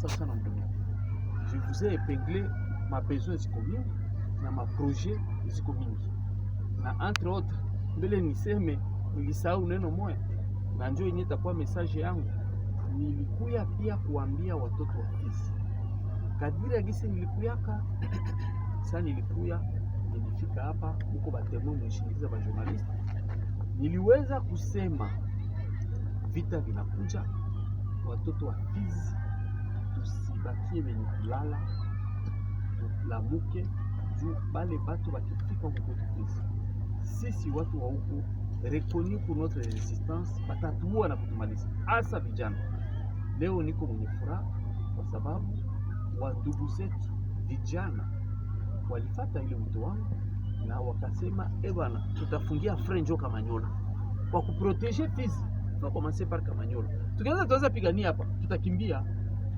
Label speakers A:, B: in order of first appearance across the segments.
A: sasa naongelea, je vous ai épinglé ma besoin ziko mingi na ma projet ziko mingi, na entre autres mbele niseme nilisahau neno moya, na njoo yenyewe itakuwa message yangu. Nilikuya pia kuambia watoto wa fisi kadiri ya gisi nilikuyaka saa nilikuya nilifika hapa huko batemo nishindikiza ba niliweza kusema vita vinakuja, watoto wa fisi batie benye kulala tulamuke juu bale batu bakifika kukutetesa sisi watu wa huku reconnu notre resistance batatuua na kutumaliza, hasa vijana. Leo niko mwenye furaha kwa sababu wandugu zetu vijana walifata ile wito wangu na wakasema, e bwana, tutafungia frenjo Kamanyola kwa kuproteje Fizi, tunakomase par Kamanyola, tukianza tuanza pigania hapa, tutakimbia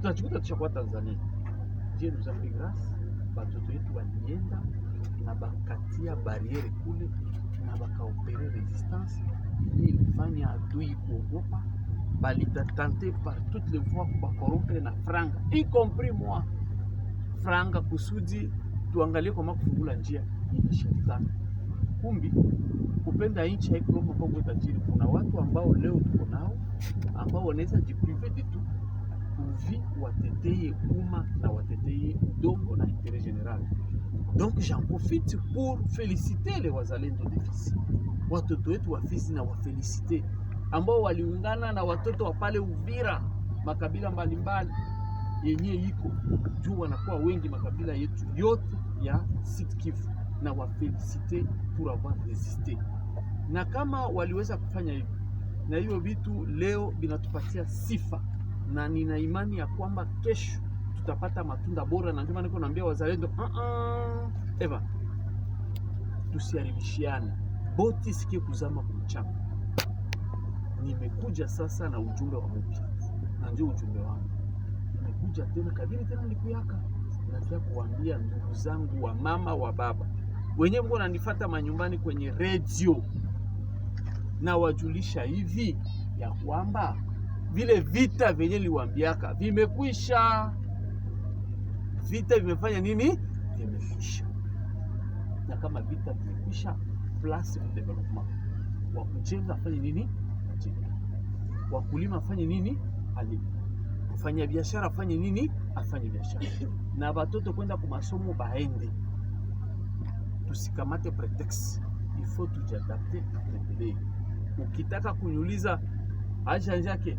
A: tunachukuta tushakuwa Tanzania. Je, Mzambigras batoto yetu walienda na bakatia bariere kule na bakaopere resistance, hii ilifanya adui kuogopa, balitatante par toutes les voies kubakorompre na franga y compris moi franga, kusudi tuangalie kwa kufungula njia ili shetani kumbi kupenda nchi haikuomba kwa tajiri. Kuna watu ambao leo tuko nao ambao wanaweza jiprive de tout watetee umma na watetei udongo na intere general. Donc j'en profite pour féliciter le wazalendo de Fizi, watoto wetu wa Fizi na wafelicite ambao waliungana na watoto wa pale Uvira, makabila mbalimbali yenye iko juu, wanakuwa wengi makabila yetu yote ya Sud Kivu, na wafelicite pour avoir resiste, na kama waliweza kufanya hivyo, na hiyo vitu leo vinatupatia sifa na nina imani ya kwamba kesho tutapata matunda bora, na ndio maana niko naambia wazalendo uh -uh. Eva, tusiharibishiane, boti sikie kuzama kumchanga Nimekuja sasa na ujumbe wa mpya, na ndio ujumbe wangu. Nimekuja tena kadiri tena nikuyaka, nataka kuambia ndugu zangu wa mama wa baba wenyewe mko nanifuata manyumbani kwenye redio, na wajulisha hivi ya kwamba vile vita vyenye liwambiaka vimekwisha. Vita vimefanya nini? Vimekwisha. Na kama vita vimekwisha, plus development wa kujenga afanye nini? Wa Wakulima afanye nini? Alime. Mfanya biashara afanye nini? Afanye biashara. Na watoto kwenda kwa masomo baende, tusikamate pretext, ifo tujiadapte. Ukitaka kunyuliza aisha njake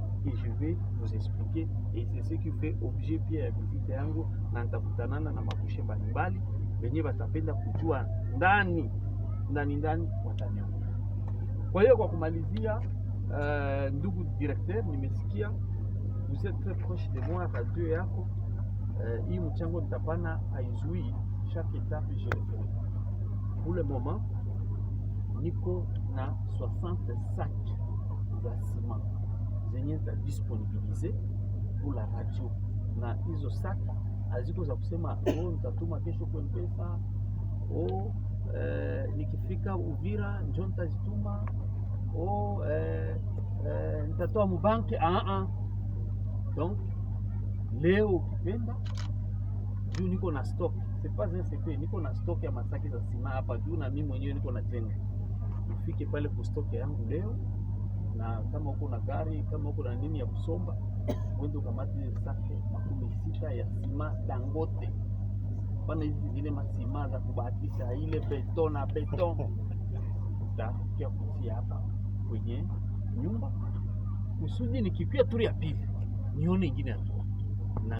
A: je vais vous expliquer et c'est ce qui fait objet pierre visite na na kujua ndani ndani ndani Kwa kumalizia, uh, ndugu directeur, nimesikia vous êtes très proche de moi deux chaque étape je pour le moment niko na 65 sacs zenye za disponibilize kula radio, na hizo saka aziko za kusema oh, nitatuma kesho kwa mpesa oh, eh, nikifika Uvira njo nitazituma oh, eh, eh, nitatoa mubanki a ah, a ah. Donc leo ukipenda juu niko na stock sepae, niko na stock ya masaki za sima hapa juu, na mimi mwenyewe niko na jenga, ufike pale kustoke yangu leo na kama uko na gari, kama uko na nini ya kusomba, uende ukamata ile sake makumi sita ya sima Dangote, pana hizi zingine masima za kubahatisha, ile beton na beton takia kutia hapa kwenye nyumba kusudi nikipia turi ya pili nione ingine ya